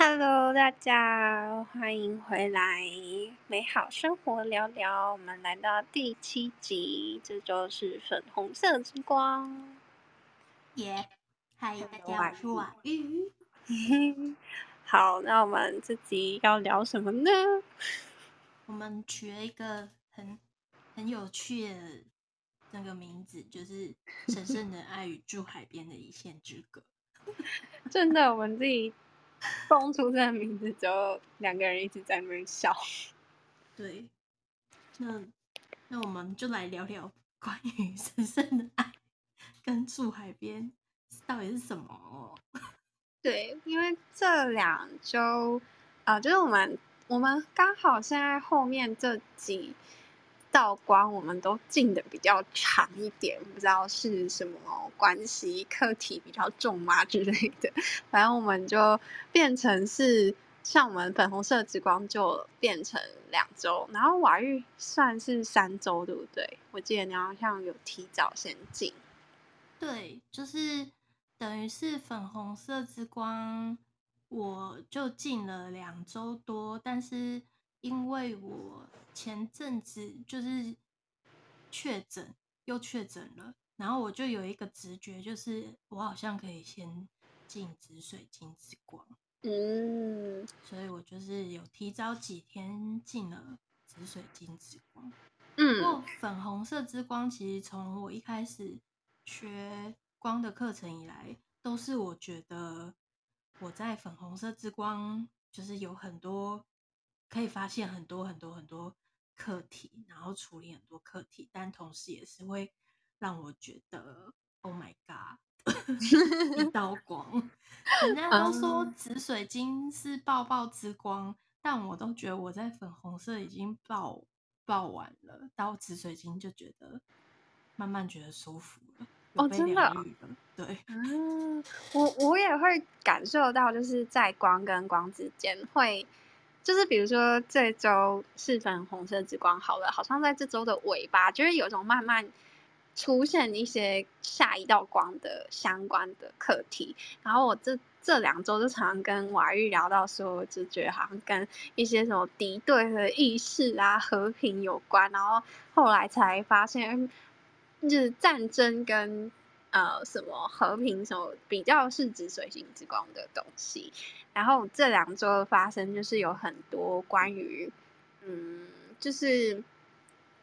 Hello，大家歡迎回來美好生活聊療。我們來到第七集，這就是粉紅色之光。耶 Yeah, hi,！歡迎大家，我是瓦遇。嗯、 好，那我們這集要聊什麼呢？我們取了一個很很有趣的那個名字，就是神聖的愛與住海邊的一線之隔。 真的，我們自己。蹦出這個名字之後，兩個人一直在那邊笑。 對，那那我們就來聊聊關於神聖的愛跟住海邊到底是什麼、哦。對，因為這兩周啊，就是我們我們剛好現在後面這幾。道光我們都進的比較長一點，不知道是什麼關係，課題比較重嗎之類的。反正我們就變成是像我們粉紅色之光就變成兩週，然後瓦遇算是三週，對不對？我記得你好像有提早先進，對，就是等於是粉紅色之光我就進了兩週多，但是因為我。前陣子就是確診又確診了，然後我就有一個直覺，就是我好像可以先進紫水晶之光，嗯，所以我就是有提早幾天進了紫水晶之光，嗯，不過粉紅色之光其實從我一開始學光的課程以來，都是我覺得我在粉紅色之光就是有很多可以發現很多很多很多。課題，然後處理很多課題，但同時也是會讓我覺得，Oh my god， 一道光。 人家都說紫水晶是爆爆之光，um, 但我都覺得我在粉紅色已經爆爆完了，到紫水晶就覺得慢慢覺得舒服了，被療癒了，oh, 真的？對，um, 我我也會感受到，就是在光跟光之間會。就是比如說這周是粉紅色之光好了，好像在這周的尾巴，就是有種慢慢出現一些下一道光的相關的課題。然後我這這兩周就常常跟瓦遇聊到說，就覺得好像跟一些什麼敵對和意識啊、和平有關。然後後來才發現，就是戰爭跟。呃，什麼和平什麼比較是指水星之光的東西？然後這兩周的發生就是有很多關於，嗯，就是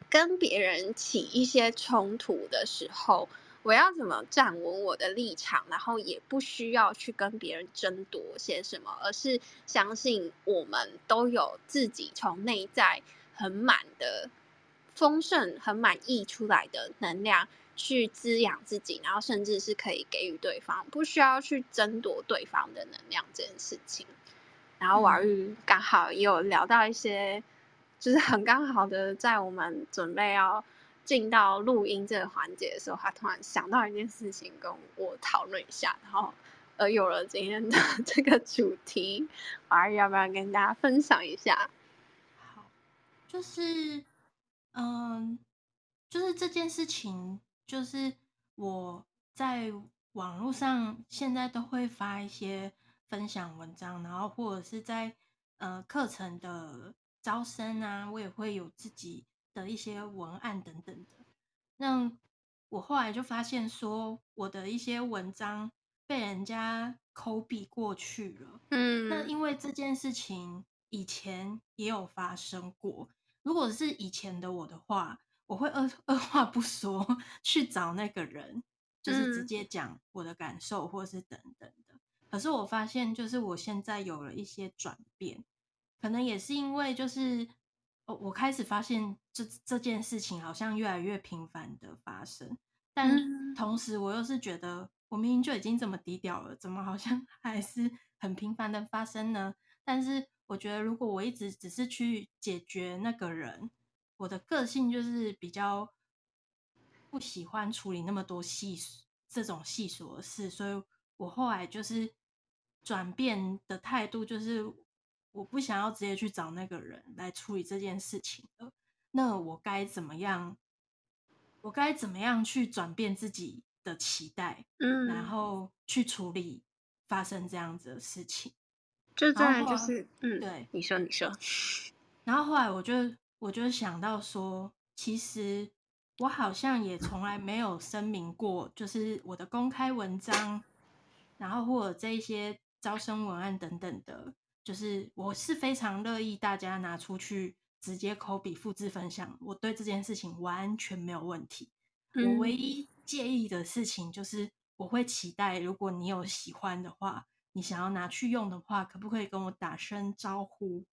跟別人起一些衝突的時候，我要怎麼站穩我的立場，然後也不需要去跟別人爭奪些什麼，而是相信我們都有自己從內在很滿的豐盛、很滿溢出來的能量。去滋養自己，然後甚至是可以給予對方，不需要去爭奪對方的能量這件事情。然後瓦遇剛好也有聊到一些，嗯、就是很剛好的在我們準備要進到錄音這個環節的時候，他突然想到一件事情跟我討論一下，然後呃有了今天的這個主題，瓦遇要不要跟大家分享一下？好，就是嗯，就是這件事情。就是我在網絡上現在都會發一些分享文章，然後或者是在呃課程的招生啊，我也會有自己的一些文案等等的。那我後來就發現說，我的一些文章被人家摳 o 過去了。嗯，那因為這件事情以前也有發生過，如果是以前的我的話。我會二二話不說去找那個人，就是直接講我的感受，或是等等的。嗯、可是我發現，就是我現在有了一些轉變，可能也是因為就是、哦、我開始發現這這件事情好像越來越頻繁的發生，但同時我又是覺得，我明明就已經這麼低調了，怎麼好像還是很頻繁的發生呢？但是我覺得，如果我一直只是去解決那個人。我的個性就是比較不喜歡處理那麼多細，這種細瑣的事，所以我後來就是轉變的態度，就是我不想要直接去找那個人來處理這件事情了。那我該怎麼樣？我該怎麼樣去轉變自己的期待，嗯、然後去處理發生這樣子的事情？這當然就是然後後嗯，對你，你說你說。然後後來我就。我就想到說，其實我好像也從來沒有聲明過，就是我的公開文章，然後或者這一些招生文案等等的，就是我是非常樂意大家拿出去直接 copy 複制分享，我對這件事情完全沒有問題。我唯一介意的事情就是，我會期待如果你有喜歡的話，你想要拿去用的話，可不可以跟我打聲招呼？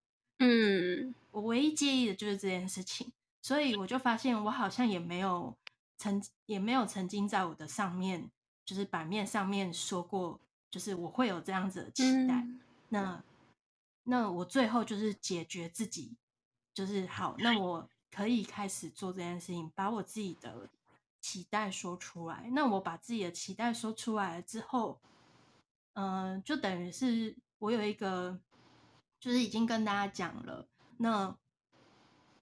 嗯，我唯一介意的就是這件事情，所以我就發現我好像也沒有曾也沒有曾經在我的上面，就是版面上面說過，就是我會有這樣子的期待。嗯、那那我最後就是解決自己，就是好，那我可以開始做這件事情，把我自己的期待說出來。那我把自己的期待說出來了之後，嗯、呃，就等於是我有一個。就是已經跟大家講了，那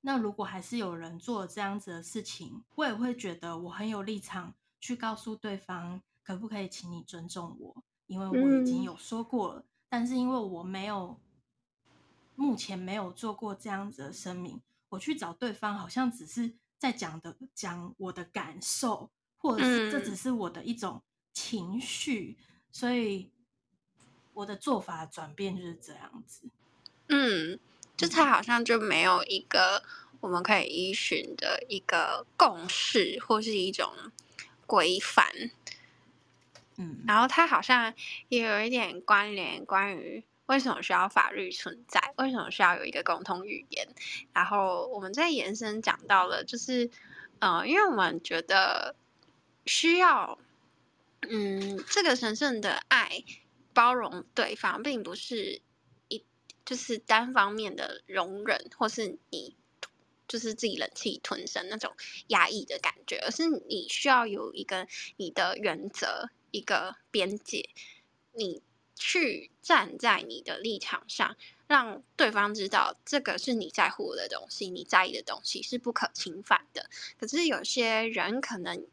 那如果還是有人做這樣子的事情，我也會覺得我很有立場去告訴對方，可不可以請你尊重我，因為我已經有說過了。但是因為我沒有目前沒有做過這樣子的聲明，我去找對方好像只是在講的講我的感受，或者是這只是我的一種情緒，所以我的做法的轉變就是這樣子。嗯，就他好像就沒有一個我們可以依循的一個共識或是一種規範。嗯，然後他好像也有一點關聯，關於為什麼需要法律存在，為什麼需要有一個共同語言。然後我們在延伸講到了，就是呃，因為我們覺得需要，嗯，這個神聖的愛包容對方，並不是。就是單方面的容忍，或是你就是自己忍氣吞聲那種壓抑的感覺，而是你需要有一個你的原則，一個邊界，你去站在你的立場上，讓對方知道這個是你在乎的東西，你在意的東西是不可侵犯的。可是有些人可能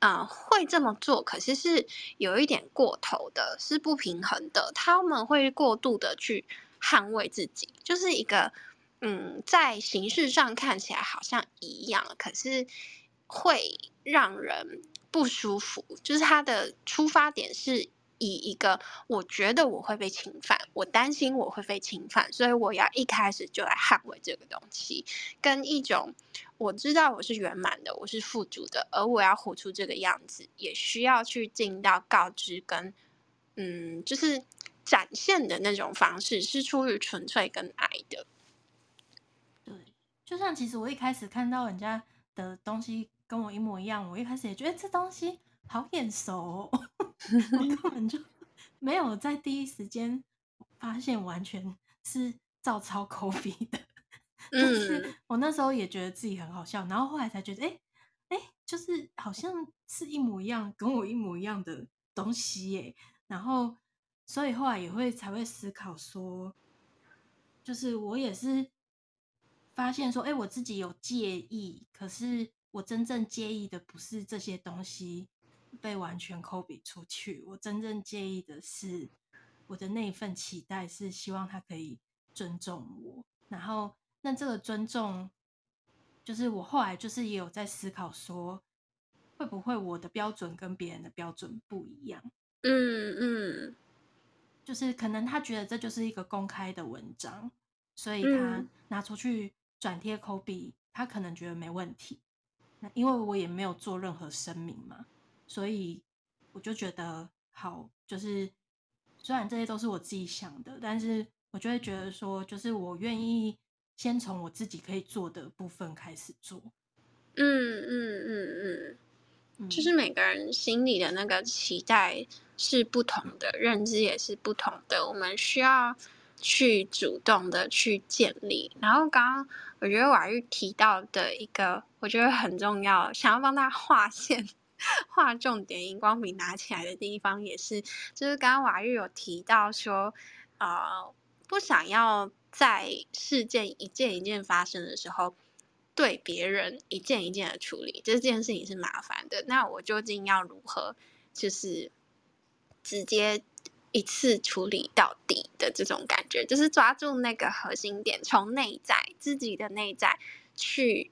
啊、呃、會這麼做，可是是有一點過頭的，是不平衡的，他們會過度的去。捍衛自己就是一個，嗯，在形式上看起來好像一樣，可是會讓人不舒服。就是他的出發點是以一個，我覺得我會被侵犯，我擔心我會被侵犯，所以我要一開始就來捍衛這個東西。跟一種我知道我是圓滿的，我是富足的，而我要活出這個樣子，也需要去盡到告知跟，嗯，就是。展現的那種方式，是出於純粹跟愛的，對。就像其實我一開始看到人家的東西跟我一模一樣，我一開始也覺得這東西好眼熟，哦， 我根本就沒有在第一時間發現完全是照抄 copy 的。嗯，就是我那時候也覺得自己很好笑，然後後來才覺得，哎、欸、哎、欸，就是好像是一模一樣，跟我一模一樣的東西耶、欸，然後。所以後來也會才會思考說，就是我也是發現說，哎、欸，我自己有介意，可是我真正介意的不是這些東西被完全 copy 出去，我真正介意的是我的那一份期待，是希望他可以尊重我，然後那這個尊重，就是我後來就是也有在思考說，會不會我的標準跟別人的標準不一樣？嗯嗯。嗯就是可能他覺得這就是一個公開的文章，所以他拿出去轉貼 copy、嗯、他可能覺得沒問題。那因為我也沒有做任何聲明嘛，所以我就覺得好，就是雖然這些都是我自己想的，但是我就會覺得說，就是我願意先從我自己可以做的部分開始做。嗯嗯嗯嗯，嗯嗯嗯就是每個人心裡的那個期待，是不同的，認知也是不同的。我們需要去主動的去建立。然後，剛剛我覺得瓦遇提到的一個，我覺得很重要，想要幫大家劃線、畫重點，熒光筆拿起來的地方，也是就是剛剛瓦遇有提到說，呃，不想要在事件一件一件發生的時候，對別人一件一件的處理，這件事情是麻煩的。那我究竟要如何，就是？直接一次處理到底的這種感覺，就是抓住那個核心點，從內在，自己的內在去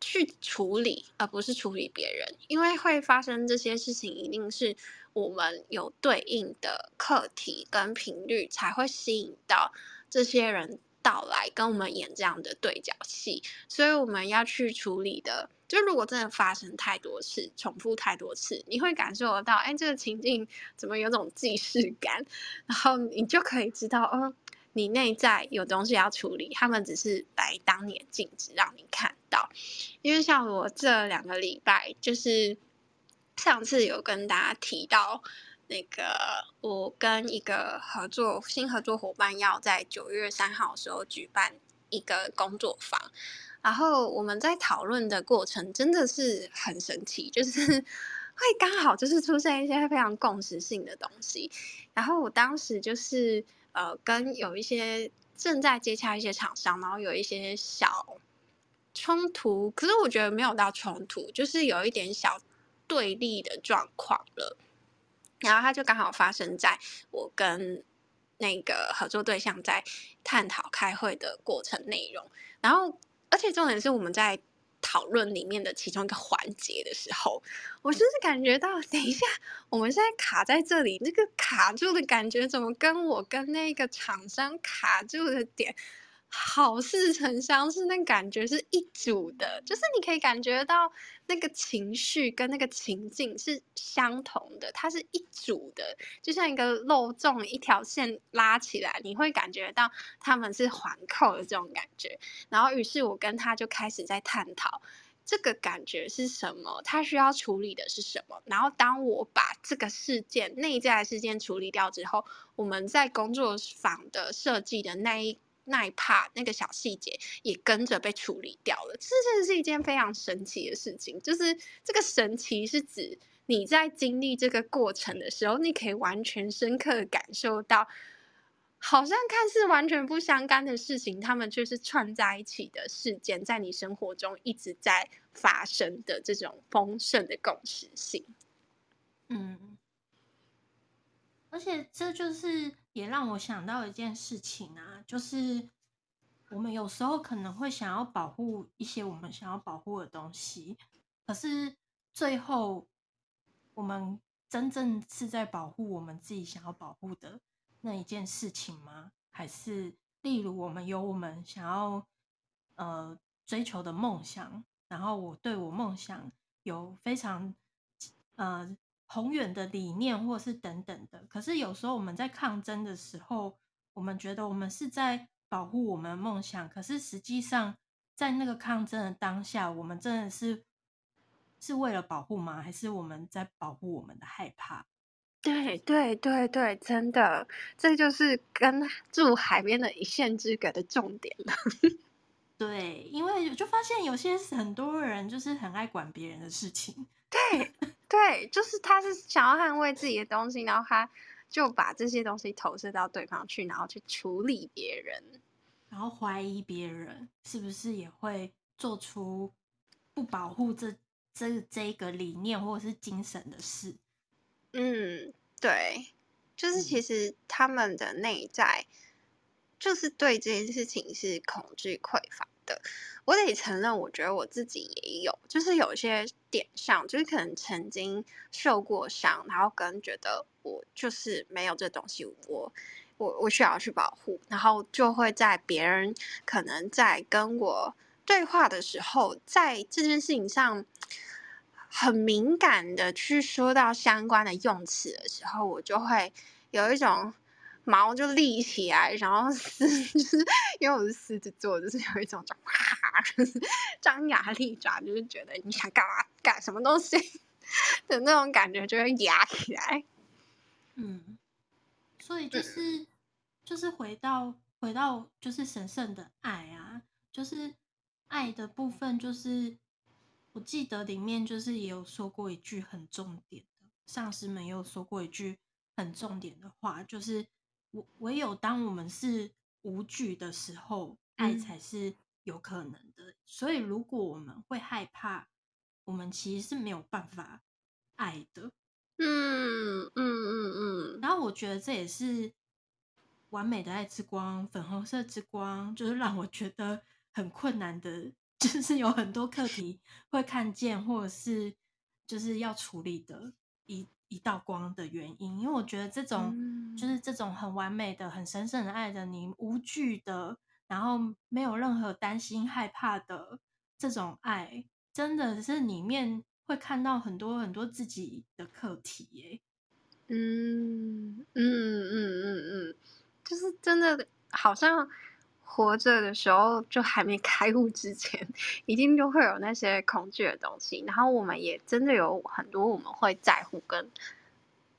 去處理，而不是處理別人。因為會發生這些事情，一定是我們有對應的課題跟頻率，才會吸引到這些人。到來跟我們演這樣的對角戲，所以我們要去處理的，就如果真的發生太多次，重複太多次，你會感受得到，哎，這個情境怎麼有種既視感？然後你就可以知道，哦，你內在有東西要處理。他們只是來當你的鏡子讓你看到，因為像我這兩個禮拜，就是上次有跟大家提到。那個，我跟一個合作，新合作夥伴要在九月三號的時候舉辦一個工作坊，然後我們在討論的過程真的是很神奇，就是會剛好就是出現一些非常共識性的東西。然後我當時就是呃，跟有一些正在接洽一些廠商，然後有一些小衝突，可是我覺得沒有到衝突，就是有一點小對立的狀況了。然後它就剛好發生在我跟那個合作對象在探討開會的過程內容，然後而且重點是我們在討論裡面的其中一個環節的時候，我甚至感覺到，等一下，我們現在卡在這裡，這、那個卡住的感覺，怎麼跟我跟那個廠商卡住的點？好似曾相識，那感覺是一組的，就是你可以感覺到那個情緒跟那個情境是相同的，它是一組的，就像一個漏洞，一條線拉起來，你會感覺到他們是環扣的這種感覺。然後，於是我跟他就開始在探討這個感覺是什麼，他需要處理的是什麼。然後，當我把這個事件內在事件處理掉之後，我們在工作坊的設計的那一。那怕那個小細節也跟着被處理掉了，其實是一件非常神奇的事情。就是這個神奇是指你在經歷這個過程的時候，你可以完全深刻的感受到，好像看似完全不相干的事情，他們卻是串在一起的事件，在你生活中一直在發生的這種豐盛的共時性。嗯，而且這就是。也讓我想到一件事情啊，就是我們有時候可能會想要保護一些我們想要保護的東西，可是最後我們真正是在保護我們自己想要保護的那一件事情嗎？還是例如我們有我們想要呃追求的夢想，然後我對我夢想有非常呃。宏遠的理念，或是等等的。可是有時候我們在抗爭的時候，我們覺得我們是在保護我們的夢想。可是實際上，在那個抗爭的當下，我們真的是是為了保護嗎？還是我們在保護我們的害怕？對對對對，真的，這就是跟住海邊的一線之隔的重點了。 對，因為我就發現有些很多人就是很愛管別人的事情。 對對，就是他是想要捍衛自己的東西，然後他就把這些東西投射到對方去，然後去處理別人，然後懷疑別人是不是也會做出不保護這這這個理念或者是精神的事。嗯，對，就是其實他們的內在就是對這件事情是恐懼匱乏。的，我得承認，我覺得我自己也有，就是有些點上，就是可能曾經受過傷，然後可能覺得我就是沒有這東西，我我我需要去保護，然後就會在別人可能在跟我對話的時候，在這件事情上很敏感的去說到相關的用詞的時候，我就會有一種。毛就立起來，然後獅，就是因為我是獅子座，就是有一種啪就哇，張牙利爪，就是覺得你想幹嘛幹什麼東西的那種感覺，就會壓起來。嗯，所以就是就是回到、嗯、回到就是神聖的愛啊，就是愛的部分，就是我記得裡面就是也有說過一句很重點的，上師們也有說過一句很重點的話，就是。唯有當我們是無懼的時候，愛才是有可能的。嗯、所以，如果我們會害怕，我們其實是沒有辦法愛的。嗯嗯嗯嗯。嗯嗯嗯然後，我覺得這也是完美的愛之光、粉紅色之光，就是讓我覺得很困難的，就是有很多課題會看見，或者是就是要處理的一一道光的原因。因為我覺得這種。嗯就是這種很完美的、很神聖的愛的，你無懼的，然後沒有任何擔心、害怕的這種愛，真的是裡面會看到很多很多自己的課題、欸、嗯嗯嗯嗯嗯，就是真的好像活着的時候就還沒開悟之前，一定都會有那些恐懼的東西。然後我們也真的有很多我們會在乎跟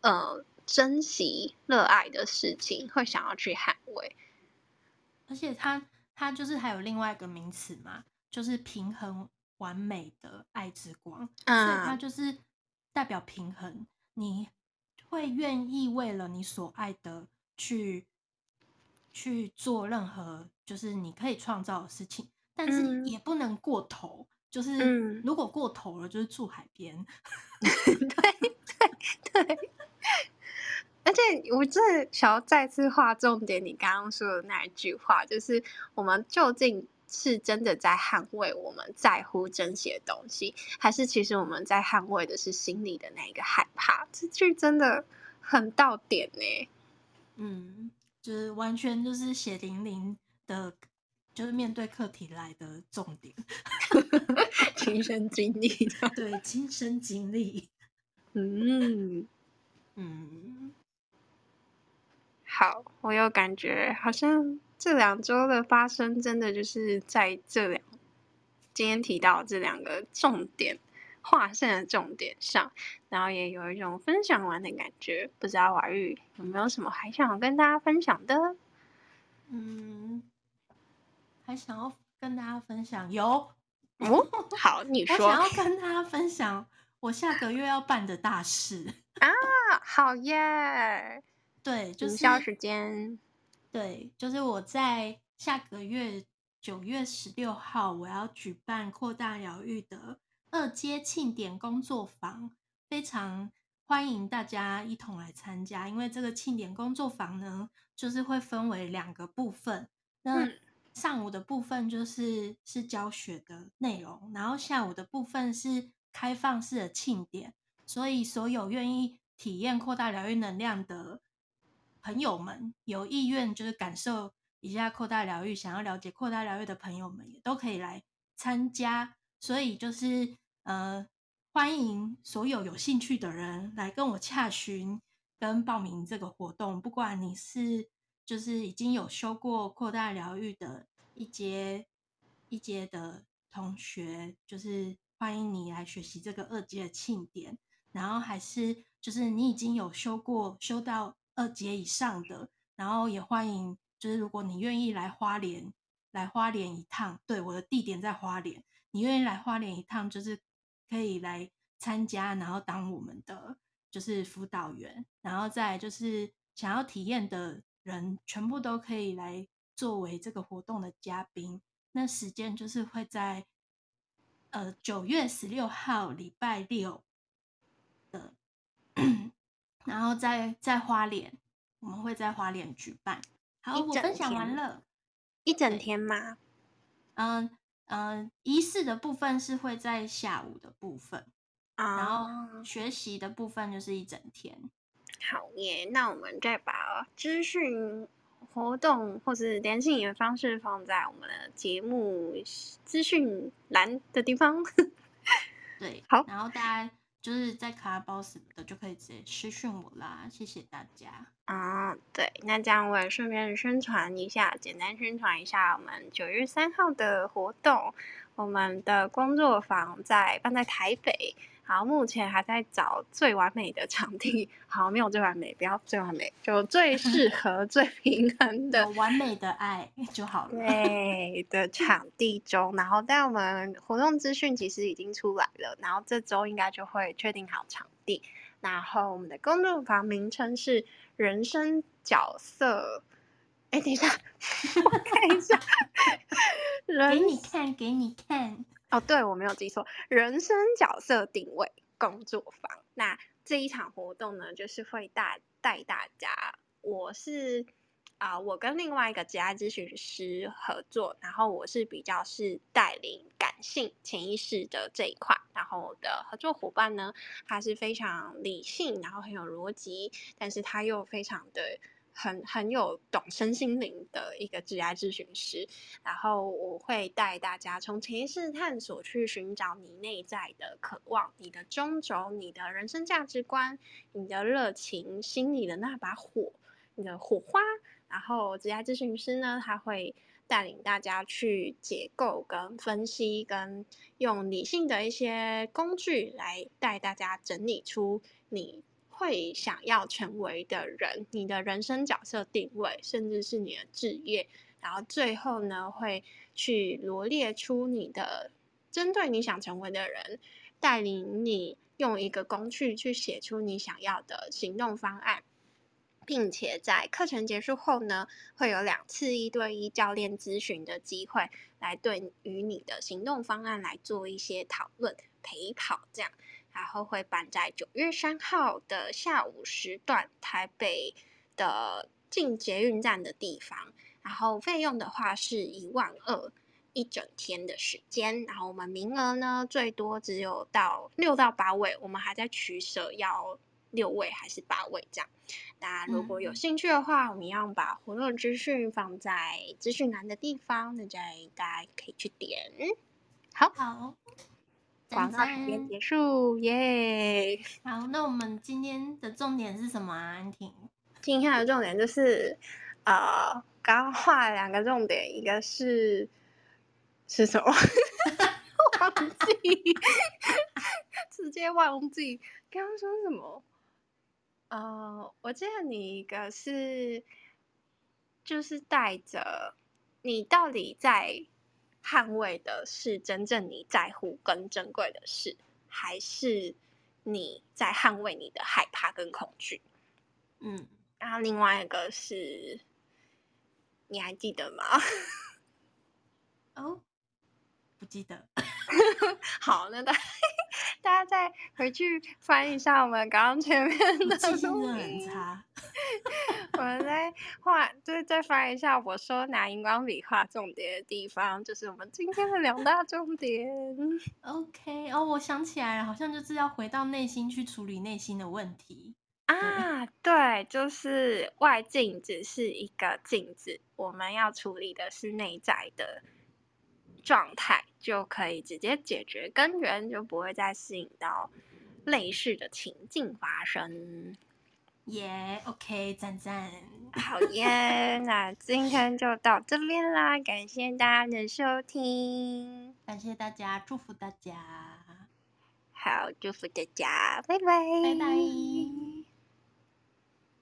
呃。珍惜熱愛的事情，會想要去捍衛。而且它，他他就是還有另外一個名詞嘛，就是平衡完美的愛之光。啊、嗯，所以它就是代表平衡。你會願意為了你所愛的去去做任何，就是你可以創造的事情，但是也不能過頭。嗯、就是如果過頭了，就是住海邊、嗯。 對對對。而且我真的想要再次畫重點，你剛剛說的那一句話，就是我們究竟是真的在捍衛我們在乎珍惜的東西，還是其實我們在捍衛的是心裡的那一個害怕？這句真的很到點呢、欸。嗯，就是完全就是血淋淋的，就是面對課題來的重點。親身經歷，對，親身經歷。嗯嗯。嗯好，我有感覺，好像這兩週的發生，真的就是在這兩今天提到的這兩個重點，劃線的重點上，然後也有一種分享完的感覺。不知道瓦遇有沒有什麼還想要跟大家分享的？嗯，還想要跟大家分享有、哦？好，你說。 我想要跟大家分享，我下個月要辦的大事 啊！好耶。對，就是，營銷時間，對，就是我在下個月九月十六號，我要舉辦擴大療癒的二階慶典工作坊，非常歡迎大家一同來參加。因為這個慶典工作坊呢，就是會分為兩個部分，那上午的部分就是、嗯、是教學的內容，然後下午的部分是開放式的慶典，所以所有願意體驗擴大療癒能量的。朋友們有意願就是感受一下擴大療癒，想要了解擴大療癒的朋友們也都可以來參加。所以就是呃，歡迎所有有興趣的人來跟我洽詢跟報名這個活動。不管你是就是已經有修過擴大療癒的一階一階的同學，就是歡迎你來學習這個二階的慶典。然後還是就是你已經有修過修到。二階以上的，然後也歡迎，就是如果你願意來花蓮，來花蓮一趟，對，我的地點在花蓮，你願意來花蓮一趟，就是可以來參加，然後當我們的就是輔導員，然後再就是想要體驗的人，全部都可以來作為這個活動的嘉賓。那時間就是會在呃九月十六號禮拜六的。 然後在在花蓮我們會在花蓮舉辦。好，我分享完了。一整天嗎？嗯嗯，儀式的部分是會在下午的部分，uh. 然後學習的部分就是一整天。好耶！那我們再把資訊、活動或是聯繫你的方式放在我們的節目資訊欄的地方。 對，好。然後大家。就是在卡拉包什麼的，就可以直接私訊我啦，謝謝大家啊！對，那這樣我也順便宣傳一下，簡單宣傳一下我們九月三號的活動，我們的工作坊在辦在台北。好，目前還在找最完美的場地。好，沒有最完美，不要最完美，就最適合、嗯、最平衡的完美的愛就好了。對的場地中，然後但我們活動資訊其實已經出來了，然後這週應該就會確定好場地。然後我們的工作坊名稱是人生角色。哎、欸，等一下，我看一下，給你看，給你看。哦，對，我沒有記錯，人生角色定位工作坊。那這一場活動呢，就是會帶帶大家。我是啊、呃，我跟另外一個職業諮詢師合作，然後我是比較是帶領感性潛意識的這一塊，然後我的合作夥伴呢，他是非常理性，然後很有邏輯，但是他又非常的。很很有懂身心靈的一個職業諮詢師，然後我會帶大家從潛意識探索去尋找你內在的渴望、你的中軸、你的人生價值觀、你的熱情、心裡的那把火、你的火花。然後職業諮詢師呢，他會帶領大家去解構、跟分析、跟用理性的一些工具來帶大家整理出你。會想要成為的人，你的人生角色定位，甚至是你的職業，然後最後呢，會去羅列出你的針對你想成為的人，帶領你用一個工具去寫出你想要的行動方案，並且在課程結束後呢，會有兩次一對一教練諮詢的機會，來對於你的行動方案來做一些討論，陪跑這樣。然後會辦在九月三號的下午時段，台北的近捷運站的地方。然後費用的話是一萬二，一整天的時間。然後我們名額呢，最多只有到六到八位，我們還在取捨，要六位還是八位這樣。大家如果有興趣的話，嗯、我們要把活動資訊放在資訊欄的地方，那這樣大家可以去點。好。好廣告時間結束，耶真！Yeah 好，那我們今天的重點是什麼？啊、安婷，今天的重點就是，呃，哦、剛，剛畫了兩個重點，一個是是什麼？ 忘記， 直接忘記剛剛說什麼？呃，我記得你一個是就是帶着你到底在，捍衛的是真正你在乎跟珍貴的事，還是你在捍衛你的害怕跟恐懼？嗯，然後另外一個是，你還記得嗎？哦，不記得。 好，那大大家再回去翻一下我們剛剛前面的錄音。我， 我們再畫，就是再翻一下我說拿熒光筆畫重點的地方，就是我們今天的兩大重點。OK，哦，我想起來了，好像就是要回到內心去處理內心的問題啊！對，就是外境只是一個鏡子，我們要處理的是內在的。狀態就可以直接解決根源，就不會再吸引到類似的情境發生。耶，yeah，OK，讚讚，好耶！那今天就到這邊啦，感謝大家的收聽，感謝大家，祝福大家，好，祝福大家，拜拜，拜拜。